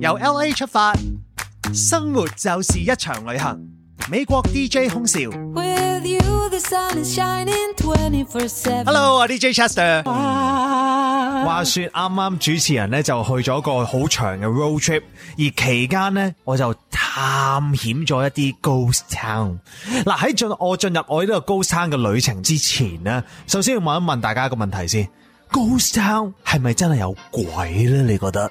由 LA 出發，生活就是一場旅行。美國 DJ 空少 you, shining,，Hello，啊 DJ Chester。Ah, 話說啱啱主持人咧就去咗個好長嘅 road trip，而期間咧我就探險咗一啲 ghost town。嗱喺進我進入我呢個 ghost town 嘅旅程之前呢，首先要問一問大家一個問題先：ghost town 係咪真係有鬼咧？你覺得？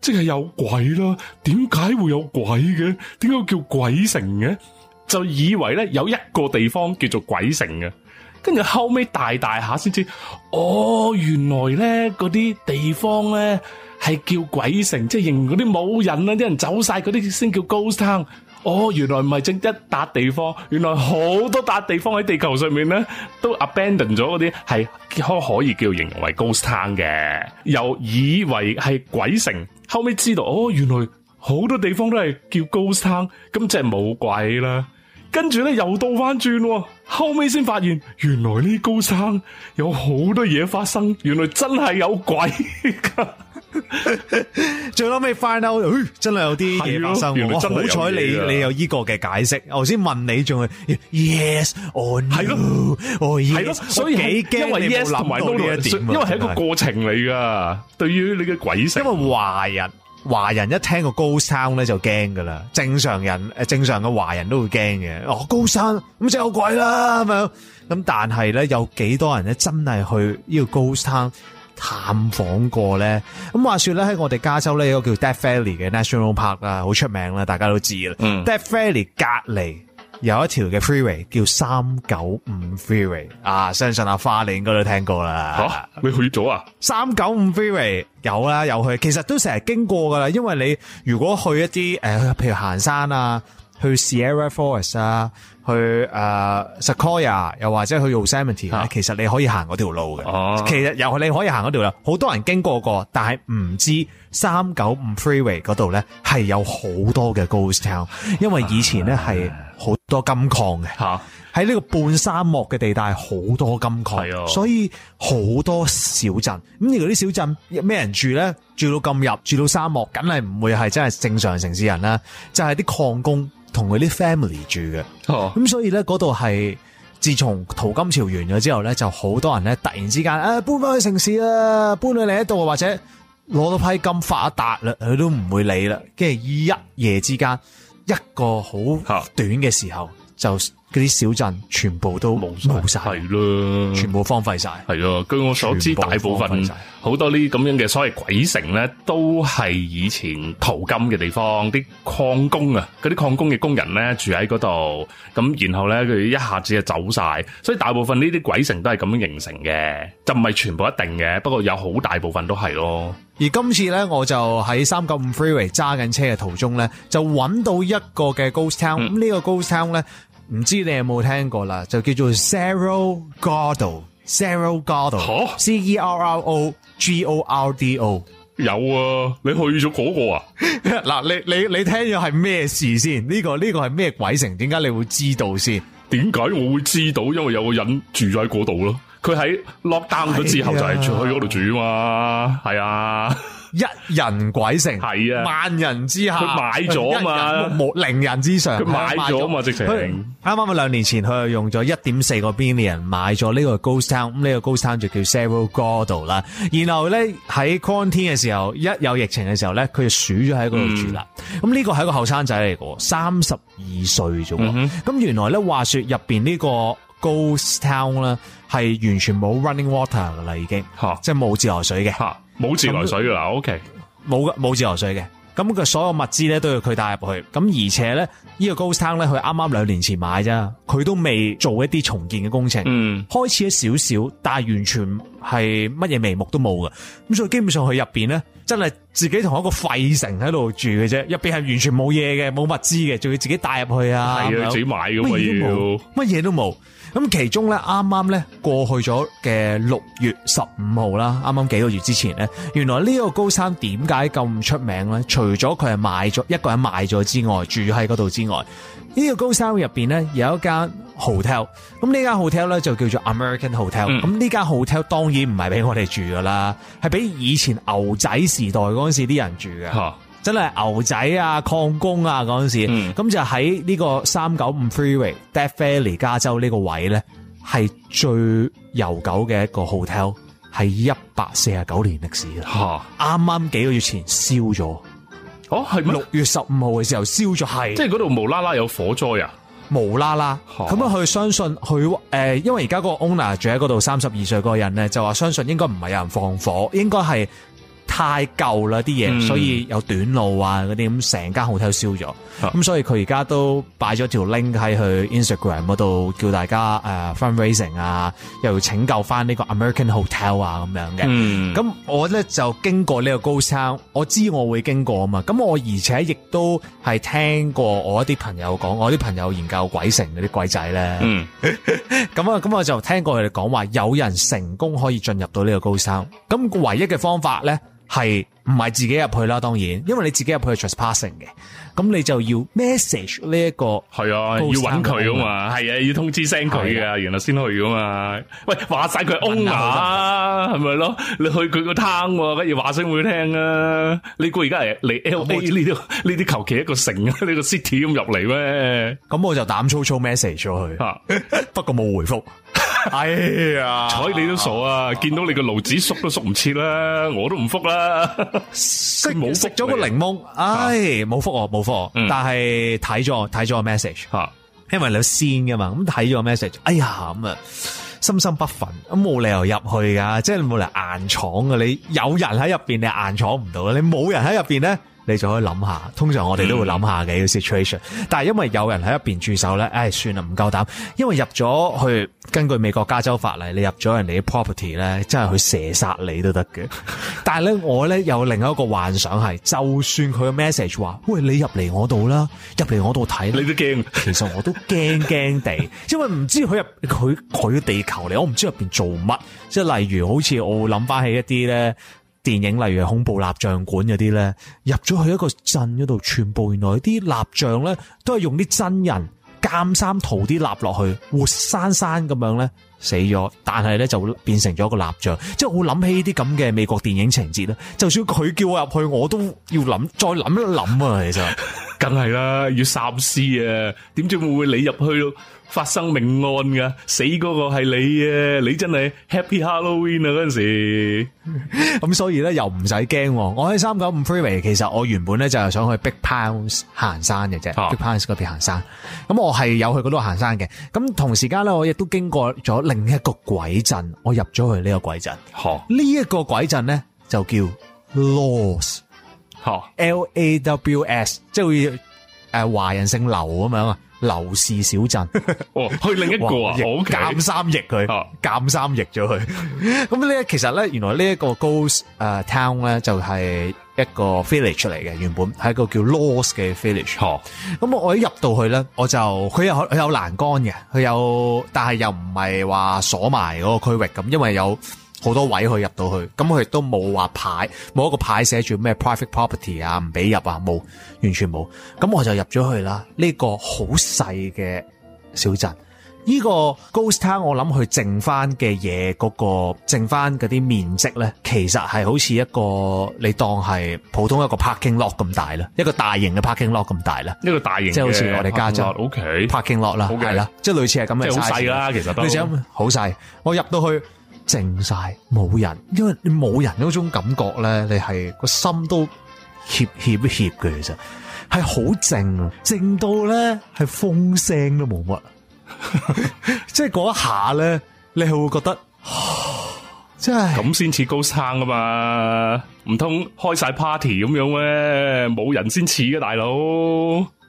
即係有鬼啦，點解會有鬼嘅？點解叫鬼城嘅？就以為咧有一個地方叫做鬼城嘅。跟住後尾大大下先知，哦，原來咧嗰啲，地方咧係叫鬼城，即係形容嗰啲冇人啦，啲人走晒嗰啲先叫 ghost town 哦，原來唔係淨一笪地方，原來好多笪地方喺地球上面咧都 abandon 咗嗰啲，係可可以叫形容為 Ghost Town 嘅，又以為係鬼城，後尾知道哦，原來好多地方都係叫 Ghost Town，咁即係冇鬼啦。跟住咧又倒翻轉，後尾先發現原來呢 Ghost Town 有好多嘢發生，原來真係有鬼噶。最後尾 find out，真係有啲嘢發生。好彩你你有依個嘅解釋。我先問你，仲係 yes，我係咯，我係咯。所以因為 yes，同埋都點？因為係一個過程嚟噶。對於你嘅鬼城，因為華人華人一聽個 Ghost Town 咧就驚噶啦。正常人誒，正常嘅華人都會驚嘅。哦，Ghost Town 咁即係有鬼啦咁樣。咁但係咧，有幾多人咧真係去呢個 Ghost Town？探訪過咧，咁話説咧，喺我哋加州咧有個叫 Death Valley 嘅 National Park 啊，好出名啦，大家都知啦。Death Valley 隔離有一條嘅 Freeway 叫三九五 Freeway 啊，相信阿花你應該都聽過啦。嚇、啊，你去咗啊？三九五 Freeway 有啦，有去，其實都成日經過噶啦，因為你如果去一啲誒、呃，譬如行山啊，去 Sierra Forest 啊。去誒 Sequoia, 又或者去 Yosemite、啊、其實你可以行嗰條路嘅。啊、其實由你可以行嗰條路，好多人經過過，但係唔知三九五 Freeway 嗰度咧係有好多嘅 ghost town，因為以前咧係好多金礦嘅。喺呢、啊、個半沙漠嘅地帶，好多金礦，啊、所以好多小鎮。咁而嗰啲小鎮咩人住咧？住到咁入，住到沙漠，梗係唔會係真係正常城市人啦，就係、是、啲礦工。同佢啲 family 住嘅，咁、oh. 所以咧嗰度係自從淘金潮完咗之後咧，就好多人咧突然之間，誒、啊、搬翻去城市啦，搬去另一度或者攞到批金發達啦，佢都唔會理啦，跟住一夜之間一個好短嘅時候、oh. 就。嗰啲小鎮全部都冇冇晒，係咯，全部荒廢晒。係咯，據我所知，大部分好多呢咁樣嘅所謂鬼城咧，都係以前淘金嘅地方，啲礦工啊，嗰啲礦工嘅工人咧住喺嗰度，咁然後咧佢一下子就走晒，所以大部分呢啲鬼城都係咁樣形成嘅，就唔係全部一定嘅，不過有好大部分都係咯。而今次咧，我就喺三九五 freeway 揸緊車嘅途中咧，就搵到一個嘅 ghost town，咁、嗯、呢個 ghost town 咧。唔知你有冇聽過啦，就叫做 Cerro Gordo, Cerro Gordo, 蛤、C E R R O G O R D O。有啊，你去咗嗰個啊？嗱， 你你你聽咗係咩事先？呢個呢個係咩鬼城？點解你會知道先？點解我會知道？因為有個人住喺嗰度咯，佢喺 lockdown 咗之後、啊、就係去喺嗰度住啊嘛，係啊。一人鬼城，係啊的，萬人之下，佢買咗嘛，人 零人之上，佢買咗嘛，直情啱啱啊！兩其實 年前，佢用咗一點四個 billion 買咗呢個 ghost town，咁呢個 ghost town 就叫 Several Gordo 啦。然後咧喺 quarantine 嘅時候，一有疫情嘅時候咧，佢就鼠咗喺嗰度住啦。咁呢個係一個後生仔嚟嘅，三十二歲啫喎。咁、嗯、哼原來咧，話說入邊呢個 ghost town 咧，係完全冇 running water 噶啦，已經吓， 即係冇自來水嘅吓。 冇自來水嘅啦，OK，冇嘅，冇自來水嘅。咁佢所有物資咧都要佢帶入去。咁而且咧，呢、這個 Ghost Town 咧，佢啱啱兩年前買啫，佢都未做一啲重建嘅工程。嗯，開始一少少，但係完全係乜嘢眉目都冇嘅。咁所以基本上佢入邊咧，真係自己同一個廢城喺度住嘅啫。入邊係完全冇嘢嘅，冇物資嘅，仲要自己帶入去啊！係啊，自己買噶嘛，要，乜嘢都冇。咁其中咧，啱啱咧過去咗嘅六月十五號啦，啱啱幾個月之前咧，原來呢個高山點解咁出名咧？除咗佢係買咗一個人買咗之外，住喺嗰度之外，呢、這個高山入邊咧有一間 hotel，咁呢間 hotel 咧就叫做 American Hotel，咁呢間、嗯、hotel 當然唔係俾我哋住噶啦，係俾以前牛仔時代嗰陣時啲人住嘅。嗯真係牛仔啊，礦工啊嗰陣時，咁、嗯、就喺呢個三九五 freeway、Death Valley 加州呢個位咧，係最悠久嘅一個 hotel，係一百四十九年歷史吓，啱啱哈幾個月前燒咗，哦係咩？六月十五號嘅時候燒咗，係。即係嗰度無啦啦有火災啊？無啦啦，咁樣佢相信佢誒、呃，因為而家嗰個 owner 住喺嗰度三十二歲嗰個人咧，就話相信應該唔係有人放火，應該係。太舊啦啲嘢，嗯、所以有短路啊嗰啲咁，成間好 o t 燒咗，咁、啊、所以佢而家都擺咗條 link 喺去 Instagram 度，叫大家誒、uh, fundraising 啊，又要拯救翻呢個 American hotel 啊咁樣嘅。咁、嗯、我咧就經過呢個高山，我知我會經過啊嘛，咁我而且亦都係聽過我一啲朋友講，我啲朋友研究鬼城嗰啲鬼仔咧，咁啊咁我就聽過佢哋講話，有人成功可以進入到呢個高山，咁唯一嘅方法咧。係唔係自己入去啦？當然，因為你自己入去係 trespassing 嘅，咁你就要 message 呢一個係啊，要搵佢啊嘛，係啊，要通知聲 s 佢啊，然後先去噶嘛。喂，話晒佢 own 啊，係咪、啊、咯？你去佢個 town，啊，不如話聲會聽啊。你估而家係嚟 L.A. 呢啲呢啲求其一個城啊，呢個 city 咁入嚟咩？咁我就膽粗粗 message 咗佢， 不過冇回覆哎呀！睬你都傻啊！啊見到你 個爐子縮都縮唔切啦，我都唔覆啦。食冇食咗個檸檬，哎，冇覆我冇覆我，我嗯、但係睇咗睇咗個 message 吓，啊、因為你有先噶嘛，咁睇咗個 message，哎呀咁啊，心心不忿，咁冇理由入去噶，即係你冇理由硬闖噶，你有人喺入邊你硬闖唔到啦，你冇人喺入邊咧。你就可以諗下，通常我哋都會諗下嘅一個 situation，嗯、但係因為有人喺入邊駐守咧，唉，算啦，唔夠膽，因為入咗去，根據美國加州法例，你入咗人哋嘅 property 咧，真係佢射殺你都得嘅。但係咧，我咧有另一個幻想係，就算佢嘅 message 話，喂，你入嚟我度啦，入嚟我度睇，你都驚。其實我都驚驚地，因為唔知佢入佢佢嘅地球嚟，我唔知入邊做乜，即係例如好似我諗翻起一啲咧。電影例如恐怖蠟像館嗰啲咧，入咗去一個鎮嗰度，全部原來啲蠟像咧，都係用啲真人監衫塗啲蠟落去，活生生咁樣咧。死咗，但係咧就變成咗一個蠟像，即係我諗起呢啲咁嘅美國電影情節啦。就算佢叫我入去，我都要諗再諗一諗啊。其實，梗係啦，要三思啊。點知會唔會你入去咯發生命案噶？死嗰個係你啊，你真係 Happy Halloween 啊！嗰陣時，咁所以咧又唔使驚。我喺三九五 Freeway，其實我原本咧就係想去 Big Pounds 行山嘅啫，Big Pounds 嗰邊行山。咁我係有去嗰度行山嘅。咁同時間咧，我亦都經過咗。另一個鬼陣，我入咗去呢個鬼陣，呢一個鬼陣咧就叫 laws, 好 l o s s L A W S，即係會誒華人姓劉咁樣啊樓市小鎮，哇！去另一個啊，減三億佢，減三億咗佢。咁呢，其實咧，原來呢一個 Ghost Town 咧就係一個 village 嚟嘅，原本係一個叫 laws 嘅 village。錯。咁我我一入到去咧，我就佢有佢有欄杆嘅，佢有，但係又唔係話鎖埋嗰個區域咁，因為有。好多位去入到去，咁佢亦都冇話牌，冇一個牌寫住咩 private property 啊，唔俾入啊，冇，完全冇。咁我就入咗去啦。呢個好細嘅小鎮，呢個 ghost town，我諗佢剩翻嘅嘢，嗰個剩翻嗰啲面積咧，其實係好似一個你當係普通一個 parking lot 咁大啦，一個大型嘅 parking lot 咁大咧，一個大型即係好似我哋加州，OK，parking lot 啦，係啦，即係類似係咁嘅，即係好細啦，其實，你想好細，我入到去。靜晒冇人，因為你冇人嗰種感覺咧，你係個心都怯怯怯嘅其實，係好靜啊，靜到咧係風聲都冇乜， 即係嗰一下咧，你係會覺得，即係咁先似高山㗎嘛，唔通開晒 party 咁樣咩？冇人先似㗎，大佬。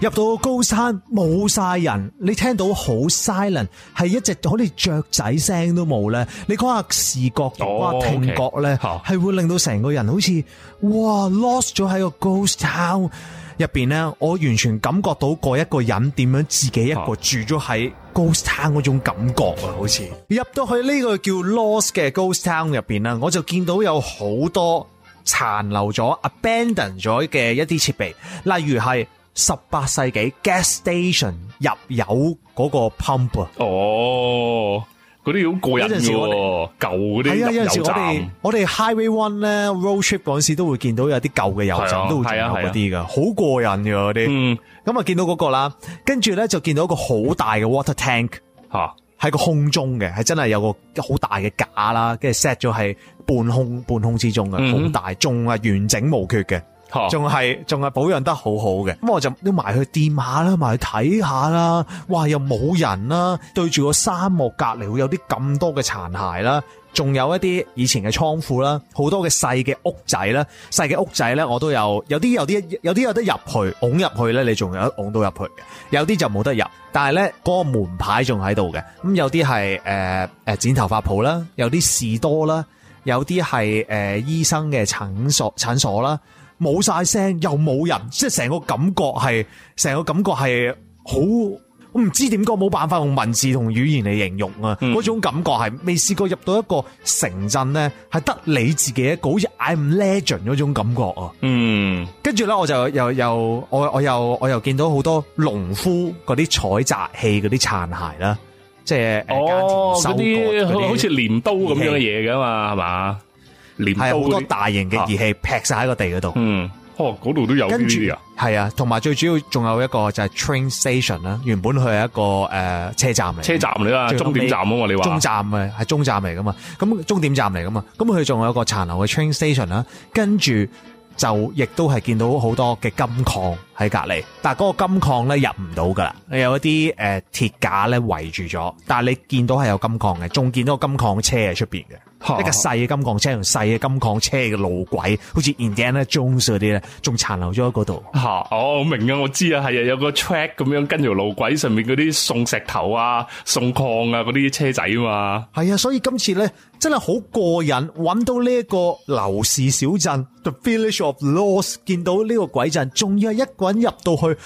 入到高山冇晒人，你聽到 silent，好 silent，係一直好似雀仔聲都冇咧。你講下視覺、講下聽覺咧，係會令到成個人好似哇 lost 咗喺個 ghost town 入邊咧。我完全感覺到過一個人點樣自己一個住咗喺 ghost town 嗰種感覺啊，好似入到去呢個叫 lost 嘅 ghost town 入邊啦，我就見到有好多殘留咗、abandoned 咗嘅一啲設備，例如係。十八世紀 gas station 入油嗰個 pump 哦，嗰啲好過癮嘅喎，時舊嗰啲係啊！有、那、陣、個、時我哋我哋 highway one 咧 road trip 嗰陣時都會見到有啲舊嘅油站都好正有嗰啲噶，好、啊、過癮嘅嗰啲。嗯，咁啊見到嗰個啦，跟住咧就見到一個好大嘅 water tank 嚇哈，喺個空中嘅，係真係有個好大嘅架啦，跟住 set 咗係半空半空之中嘅，好、嗯、大仲係完整無缺嘅。仲係仲係保養得好好嘅，咁我就都埋去掂下啦，埋去睇下啦。哇！又冇人啦，對住個沙漠隔離，會有啲咁多嘅殘骸啦，仲有一啲以前嘅倉庫啦，好多嘅細嘅屋仔啦，細嘅屋仔咧，我都有有啲有啲有啲有得入去，㧬入去咧，你仲有㧬到入去嘅。有啲就冇得入。但係咧，嗰個門牌仲喺度嘅。咁有啲係誒誒剪頭髮鋪啦，有啲士多啦，有啲係誒醫生嘅診所診所啦。冇晒聲，又冇人，即係成個感覺係，成個感覺係好，我唔知點解，冇辦法用文字同語言嚟形容啊！嗰種感覺係未試過入到一個城鎮咧，係得你自己一個，好似 I'm Legend 嗰種感覺啊！嗯，跟住咧，我就又又我我又我又見到好多農夫嗰啲採摘器嗰啲殘骸啦，即係哦，嗰啲好似鐮刀咁樣嘅嘢噶嘛，係嘛？係好多大型嘅儀器、啊、劈晒喺個地嗰度。嗯，哦，嗰度都有呢啲啊。係啊，同埋最主要仲有一個就係 train station 啦。原本佢係一個誒車站嚟，車站嚟啦，終點站啊嘛，你話。中站啊，係中站嚟噶嘛？咁終點站嚟噶嘛？咁佢仲有一個殘留嘅 train station 啦。跟住就亦都係見到好多嘅金礦喺隔籬，但係嗰個金礦咧入唔到噶啦。有一啲誒鐵架咧圍住咗，但係你見到係有金礦嘅，仲見到個金礦車喺出邊嘅。一個細嘅金礦車同細嘅金礦車嘅路軌，好似 Indiana Jones 嗰啲咧，仲殘留咗喺嗰度。吓，好、 哦、明啊，我知啊，係啊，有個 track 咁樣跟住路軌上面嗰啲送石頭啊、送礦啊嗰啲車仔啊嘛。係啊，所以今次咧真係好過癮，搵到呢一個流士小鎮 The Village of Lost，見到呢個鬼鎮，仲要係一個人入到去，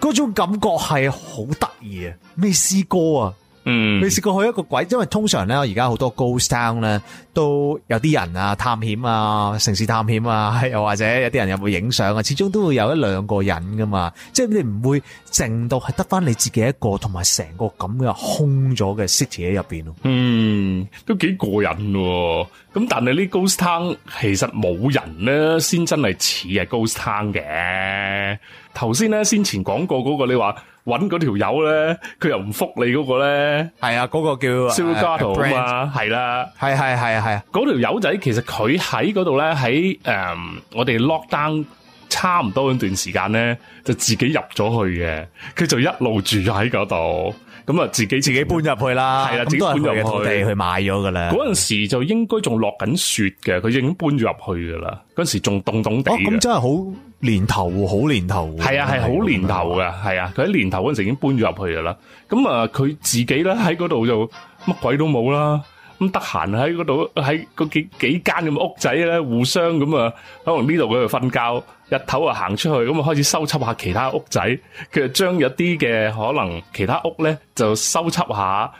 嗰種感覺係好得意啊！咩詩歌啊？嗯，你試過去一個鬼，因為通常咧，而家好多 ghost town 咧，都有啲人啊探險啊，城市探險啊，又或者有啲人有冇影相啊，始終都會有一兩個人噶嘛，即係你唔會淨到係得翻你自己一個，同埋成個咁嘅空咗嘅 city 喺入邊咯。嗯，都幾過癮喎、哦，咁但係呢 ghost town 其實冇人咧，先真係似係 ghost town 嘅。頭先咧，先前講過嗰個你話。搵嗰條友咧，佢又唔覆你嗰、那個咧，係啊，嗰、那個叫肖家豪啊，啊，啊，啊，啊嘛，係啦，係係係啊係啊，嗰條友仔其實佢喺嗰度咧，喺誒、呃、我哋 lockdown 差唔多嗰段時間咧，就自己入咗去嘅，佢就一路住喺嗰度。咁啊，自己自己搬入去啦，係啦對，啊、自己搬入去，地去買咗噶啦。嗰陣時就應該仲落緊雪嘅，佢已經搬咗入去噶啦。嗰陣時仲凍凍地，咁、啊、真係好年頭，好年頭。係啊，係好年頭噶，係啊，佢喺、啊啊、年頭嗰陣時已經搬咗入去噶啦。咁啊，佢自己咧喺嗰度就乜鬼都冇啦。咁得閒喺嗰度喺嗰幾幾間咁嘅屋仔咧，互相咁啊，可能呢度佢瞓覺，日頭啊行出去，咁啊開始收葺下其他屋仔，佢就將一啲嘅可能其他屋咧就收葺下，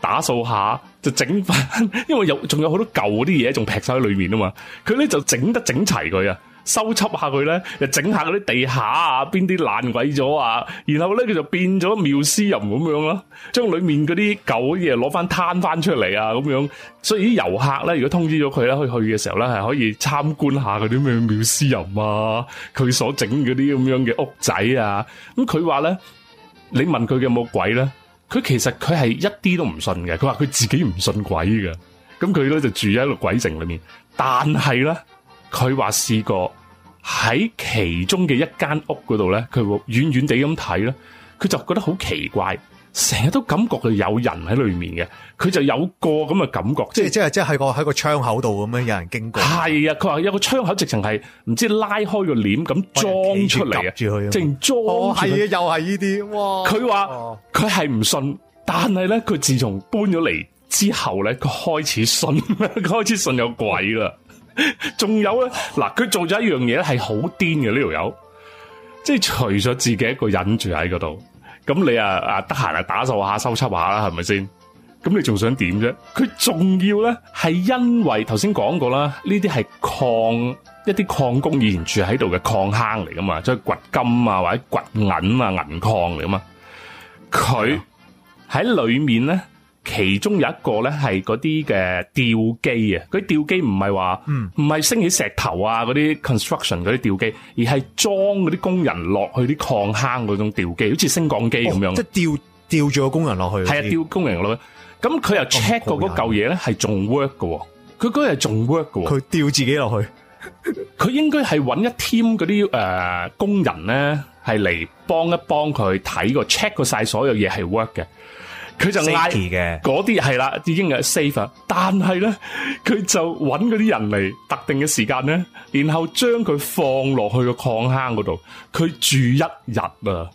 打掃下，就整翻，因為有仲有好多舊啲嘢仲劈曬喺裏面啊嘛，佢咧就整得整齊佢啊。修葺下佢咧，又整下嗰啲地下啊，邊啲爛鬼咗啊，然後咧佢就變咗妙師人咁樣咯，將裏面嗰啲舊嘢攞翻攤翻出嚟啊，咁樣，所以啲遊客咧，如果通知咗佢咧，佢去嘅時候咧，係可以參觀下嗰啲咩妙師人啊，佢所整嗰啲咁樣嘅屋仔啊，咁佢話咧，你問佢有冇鬼咧？佢其實佢係一啲都唔信嘅，佢話佢自己唔信鬼嘅，咁佢咧就住喺個鬼城裏面，但係咧，佢話試過。喺其中嘅一間屋嗰度咧，佢會遠遠地咁睇咧，佢就覺得好奇怪，成日都感覺佢有人喺裏面嘅，佢就有個咁嘅感覺，即係是即係即係喺個喺個窗口度咁樣有人經過。係啊對，佢話對有個窗口直情係唔知拉開個簾咁裝出嚟啊，正裝住佢。哦，係啊，又係呢啲哇。佢話佢係唔信，但係咧佢自從搬咗嚟之後咧，佢開始信， 開始信有鬼啦。 仲 有咧，嗱，佢做咗一樣嘢咧，係好癲嘅呢條友，即係除咗自己一個忍住喺嗰度，咁你啊啊得閒啊打掃下、收葺下啦，係咪先？咁你仲想點啫？佢仲要咧，係因為頭先講過啦，呢啲係礦，一啲礦工以前住喺度嘅礦坑嚟噶嘛，即係掘金啊或者掘銀啊銀礦嚟噶嘛，佢喺裏面咧。其中有一個咧係嗰啲嘅吊機啊，嗰啲吊機唔係話唔係升起石頭啊嗰啲 construction 嗰啲吊機，而係裝嗰啲工人落去啲礦坑嗰種吊機，好似升降機咁樣。即係吊吊住個工人落去。係啊，吊工人落去。咁佢又 check 過嗰嚿嘢咧係仲 work 㗎喎，佢嗰日仲 work 㗎喎。佢吊自己落去，佢應該係揾一 team 嗰啲誒工人咧係嚟幫一幫佢睇過 check 過曬所有嘢係 work 嘅。佢就嗌嗰啲係啦，已經係 safe，但係咧佢就揾嗰啲人嚟，特定嘅時間咧，然後將佢放落去個礦坑嗰度，佢住一日啊！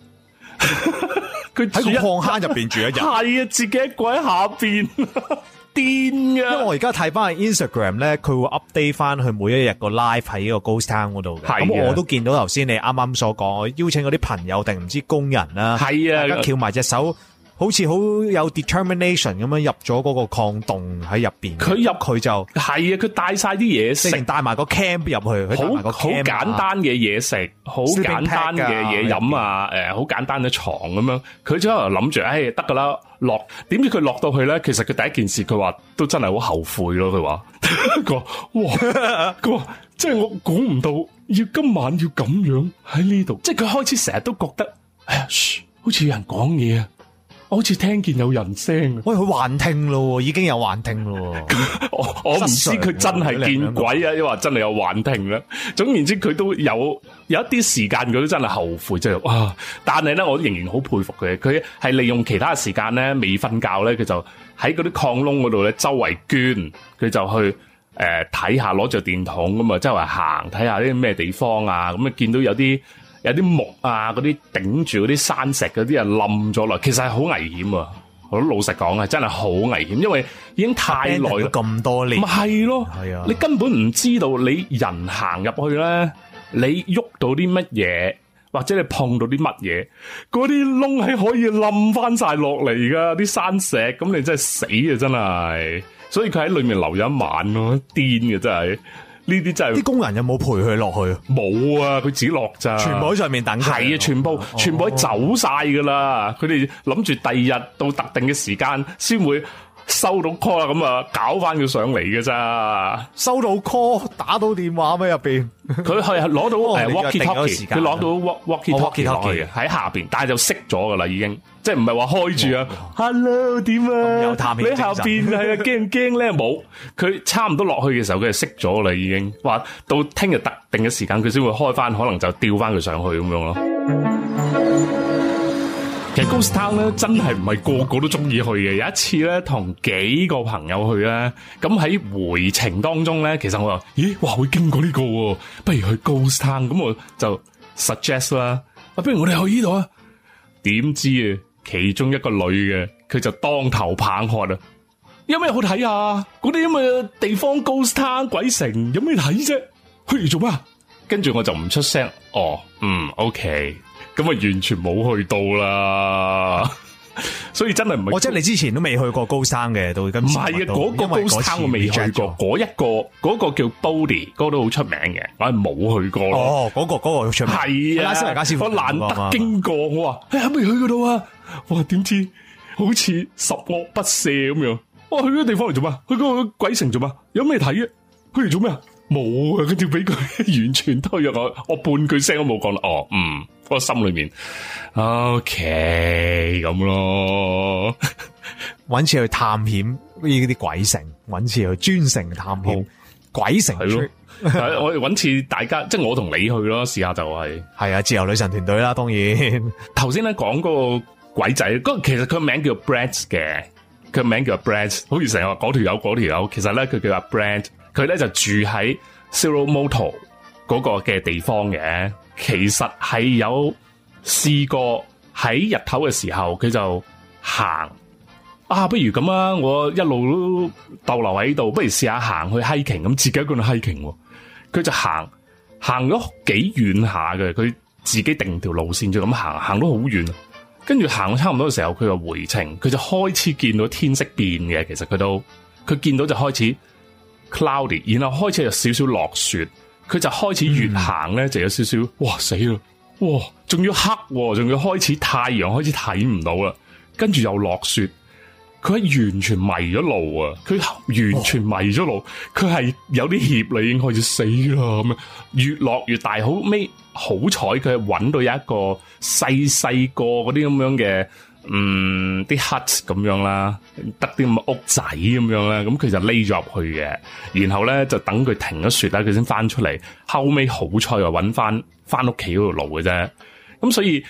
佢喺個礦坑入邊住一日，係啊，自己一個喺下邊癲啊。因為我而家睇翻去 Instagram 咧，佢會 update 翻佢每一日個 live 喺個 Ghost Town 嗰度嘅，咁我都見到頭先你啱啱所講，邀請嗰啲朋友定唔知工人啦，係啊，翹埋隻手。好似好有 determination 咁樣入咗嗰個礦洞喺入邊，佢入去就係啊，佢帶晒啲嘢食，連帶埋個 camp 入去，簡嗯、好簡單嘅嘢食，好簡單嘅嘢飲啊，誒，好簡單嘅床咁樣，佢就喺度諗住誒得噶啦落，點知佢落到去咧，其實佢第一件事佢話都真係好後悔咯，佢話佢哇，佢話即係我估唔到要今晚要咁樣喺呢度， 即係佢開始成日都覺得哎呀，好似有人講嘢啊！好似聽見有人聲。喂，佢幻聽咯，已經有幻聽咯。我我唔知佢真係見鬼啊，亦話真係有幻聽咧。 總言之，佢都有有一啲時間，佢都真係後悔，即係哇！但係咧，我仍然好佩服佢，佢係利用其他時間咧，未瞓覺咧，佢就喺嗰啲礦窿嗰度咧，周圍捐。佢就去誒睇下，攞、呃、住電筒咁啊，即係話行睇下啲咩地方啊，咁啊見到有啲。有啲木啊，嗰啲頂住嗰啲山石嗰啲啊冧咗喇，其實係好危險啊！我老實講啊，真係好危險，因為已經太耐咁多年，咪係咯，係啊，你根本唔知道你人行入去咧，你喐到啲乜嘢，或者你碰到啲乜嘢，嗰啲窿係可以冧翻晒落嚟噶，啲山石咁你真係死啊！真係，所以佢喺裏面留咗一晚咯，癲嘅真係。真呢啲就係，啲工人有冇陪佢落去？冇啊，佢自己落咋，全部喺上面等。係啊，全部、啊、全部走晒噶啦，佢哋諗住第二日到特定嘅時間先會。收到 call 啦，咁啊，搞翻佢上嚟嘅咋？收到 call，打到電話喺入邊？佢係攞到，佢攞到 walkie talkie，喺、哦、walk talk 下邊，但係就熄咗噶啦，已經，即係唔係話開住、嗯、啊。Hello，點啊？喺下邊係驚驚咧，冇。佢差唔多落去嘅時候，佢就熄咗啦，已經。話到聽日特定嘅時間，佢先會開翻，可能就掉翻佢上去咁樣咯。 其實 Ghost Town 咧，真係唔係個個都中意去嘅。有一次咧，同幾個朋友去咧，咁喺回程當中咧，其實我話：咦，話會經過呢、呢個，不如去 Ghost Town。咁我就 suggest 啦、啊，不如我哋去呢度啊。點知啊，其中一個女嘅，佢就當頭棒喝啊。有咩好睇啊？嗰啲咁嘅地方 Ghost Town 鬼城有咩睇啫？去嚟做咩？跟住我就唔出聲。哦，嗯，OK。咁啊，完全冇去到啦！ 所以真係唔係，我即係你之前都未去過高山嘅，到今唔係啊？嗰個高山我未去過，嗰一個嗰個叫 Body，嗰個都好出名嘅，我係冇去過。哦，嗰、那個嗰、那個出名係的啊！拉斯維加斯我難得經過，的嗯、我話哎呀，未去嗰度啊！我話點知？好似十惡不赦咁樣。我去嗰個地方嚟做咩？去嗰個鬼城做乜？有咩睇啊？去做咩啊？冇啊！跟住俾佢完全推咗我，我半句聲都冇講啦。哦，嗯，我心裏面，OK 咁咯，搵次去探險呢啲鬼城，搵次去專程探險好鬼城咯。 我搵次大家，即係我同你去咯，試下就係、是。係啊，自由女神團隊啦，當然呢。頭先咧講嗰個鬼仔，嗰其實佢名叫 Brad 嘅，佢名叫 Brad 好似成日講條友講條友，其實咧佢叫阿 Brad 佢咧就住喺 Ceromoto 嗰個嘅地方嘅，其實係有試過喺日頭嘅時候，佢就行啊，不如咁啦，我一路都逗留喺度，不如試下行去 hiking，咁、嗯、自己一個人 hiking。佢就行行咗幾遠下嘅，佢自己定條路線就咁行，行到好遠，跟住行差唔多嘅時候，佢就回程，佢就開始見到天色變嘅，其實佢都佢見到就開始。Cloudy，然後開始有少少落雪，佢就開始越行咧、嗯、就有少少，哇死啦，哇仲要黑、哦，仲要開始太陽開始睇唔到啦，跟住又落雪，佢係完全迷咗路啊，佢完全迷咗路，佢係哇有啲怯啦，已經開始死啦咁樣，越落越大，好尾好彩佢係揾到有一個細細個嗰啲咁樣嘅。嗯，啲 huts 咁樣啦，得啲咁嘅屋仔咁樣啦，咁佢就匿咗入去嘅，然後咧就等佢停咗雪啦，佢先翻出嚟，後尾好彩又揾翻翻屋企嗰條路嘅啫，咁所以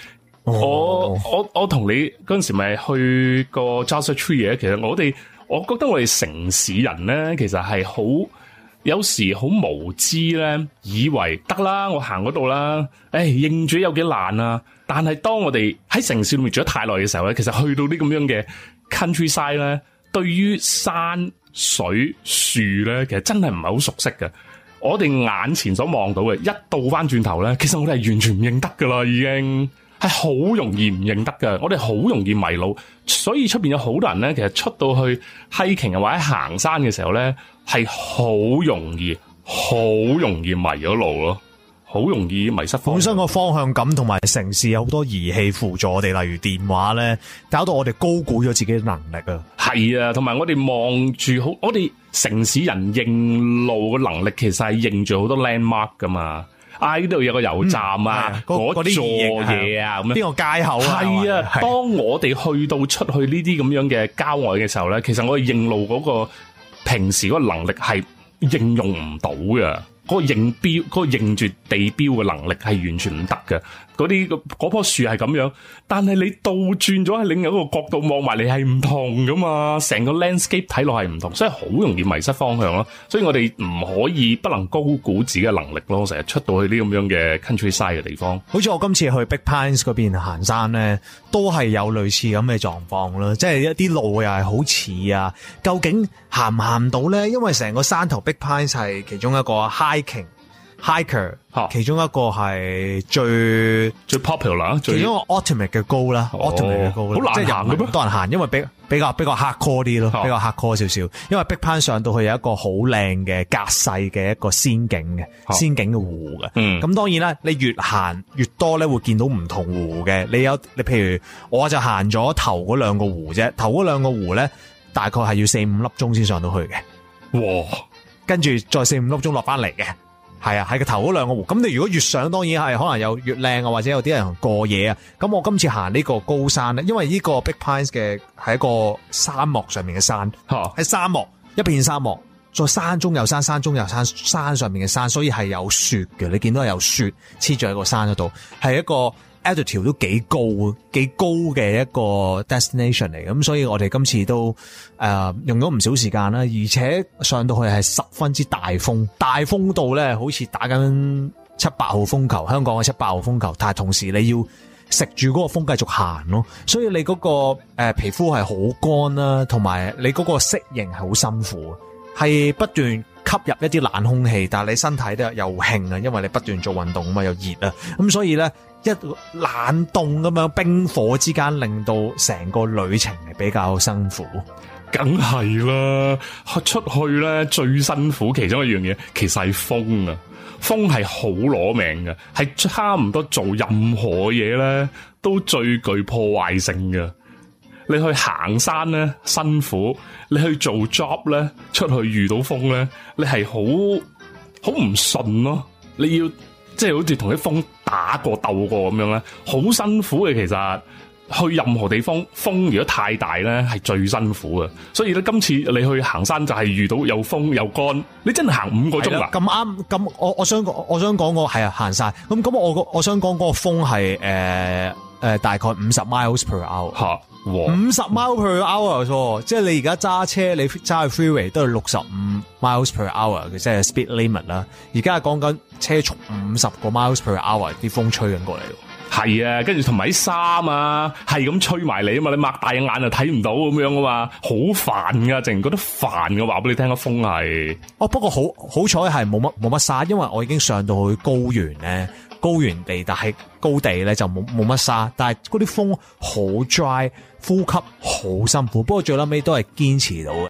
我、oh. 我我同你嗰陣時咪去個 Joshua Tree 嘅，其實我哋我覺得我哋城市人咧，其實係好。有時好無知咧，以為得啦，我行嗰度啦，誒認住有幾難啊！但係當我哋喺城市裡面住得太耐嘅時候咧，其實去到啲咁樣嘅 countryside 咧，對於山水樹咧，其實真係唔係好熟悉嘅。我哋眼前所望到嘅一倒翻轉頭咧，其實我哋係完全唔認得噶啦，已經。係好容易唔認得噶，我哋好容易迷路，所以出邊有好多人咧，其實出到去 hiking 或者行山嘅時候咧，係好容易、好容易迷咗路咯，好容易迷失方向。本身個方向感同埋城市有好多儀器輔助我哋，例如電話咧，搞到我哋高估咗自己嘅能力啊。係啊，同埋我哋望住好，我哋城市人認路嘅能力，其實係認住好多 landmark 噶嘛。呢度、啊、有個油站啊，嗰啲座嘢啊，咁呢個街口啊。係啊，當我哋去到出去呢啲咁樣嘅郊外嘅時候咧，的其實我哋認路嗰個平時嗰個能力係應用唔到嘅。嗰個認標、嗰、嗰個認住地標嘅能力係完全唔得嘅。嗰啲嗰棵樹係咁樣，但係你倒轉咗，喺另一個角度望埋你係唔同噶嘛。成個 landscape 睇落係唔同，所以好容易迷失方向咯。所以我哋唔可以不能高估自己嘅能力咯。成日出到去呢咁樣嘅 country side 嘅地方，好似我今次去 Big Pines 嗰邊行山咧，都係有類似咁嘅狀況啦。即係一啲路又係好似啊，究竟行唔行到咧？因為成個山頭 Big Pines 係其中一個 hiking hiker，哈其中一個係最最 popular，最其中一個 u t o m a t e 嘅高啦 u t i m a t e 嘅高，好難的、哦、行嘅咩？多人行，因為比比較比較吓啲咯，比較黑 c 少少。因為 b 攀上到去有一個好靚嘅格世嘅一個仙境嘅仙境嘅湖嘅，嗯。咁當然啦，你越行越多咧，多會見到唔同湖嘅。你有你，譬如我就行咗頭嗰兩個湖啫，頭嗰兩個湖咧，大概係要四五粒鐘先上到去嘅。哇！跟住再四五粒鐘落翻嚟嘅，係啊，係個頭嗰兩個湖。咁你如果越上，當然係可能有越靚啊，或者有啲人過夜啊。咁我今次行呢個高山咧，因為呢個 Big Pines 嘅係一個沙漠上面嘅山，吓係沙漠，一片沙漠，再山中有山，山中有山，山上面嘅山，所以係有雪嘅。你見到有雪黐住喺個山嗰度，係一個。Altitude 都幾高，幾高嘅一個 destination 嚟，咁所以我哋今次都誒、呃、用咗唔少時間啦，而且上到去係十分之大風，大風，度咧好似打緊七八號風球，香港嘅七八號風球，但係同時你要食住嗰個風繼續行咯，所以你嗰個皮膚係好乾啦，同埋你嗰個適應係好辛苦，係不斷，吸入一啲冷空氣，但係你身體咧又興啊，因為你不斷做運動啊嘛，又熱啊，咁所以咧一冷凍咁樣冰火之間，令到成個旅程係比較辛苦，梗係啦。出去咧最辛苦其中一樣嘢，其實係風啊，風係好攞命嘅，係差唔多做任何嘢咧都最具破壞性嘅。你去行山咧，辛苦，你去做 job 咧出去遇到風咧，你係好好唔順咯。你要即係好似同啲風打過鬥過咁樣咧，好辛苦嘅。其實去任何地方風如果太大咧，係最辛苦嘅。所以咧，今次你去行山就係遇到又風又乾，你真係行五個鐘啊！咁啱咁，我我想講，我想講個係啊行晒。咁咁，我想我想講嗰個風係誒誒大概五十 miles per hour。 五十 mile per hour 即係你而家揸車，你揸去 freeway 都係六十五 miles per hour 嘅，即係 speed limit 啦。而家係講緊車速五十個 miles per hour 啲風吹緊過嚟，係啊，跟住同埋啲沙啊，係咁吹埋你啊嘛，你擘大眼就睇唔到咁樣啊嘛，好煩噶，淨覺得煩。我話俾你聽，個風係哦，不過好好彩係冇乜冇乜沙，因為我已經上到去高原咧，高原地，但係高地咧就冇冇乜沙，但係嗰啲風好 dry。呼吸好辛苦，不過最尾都係堅持到嘅。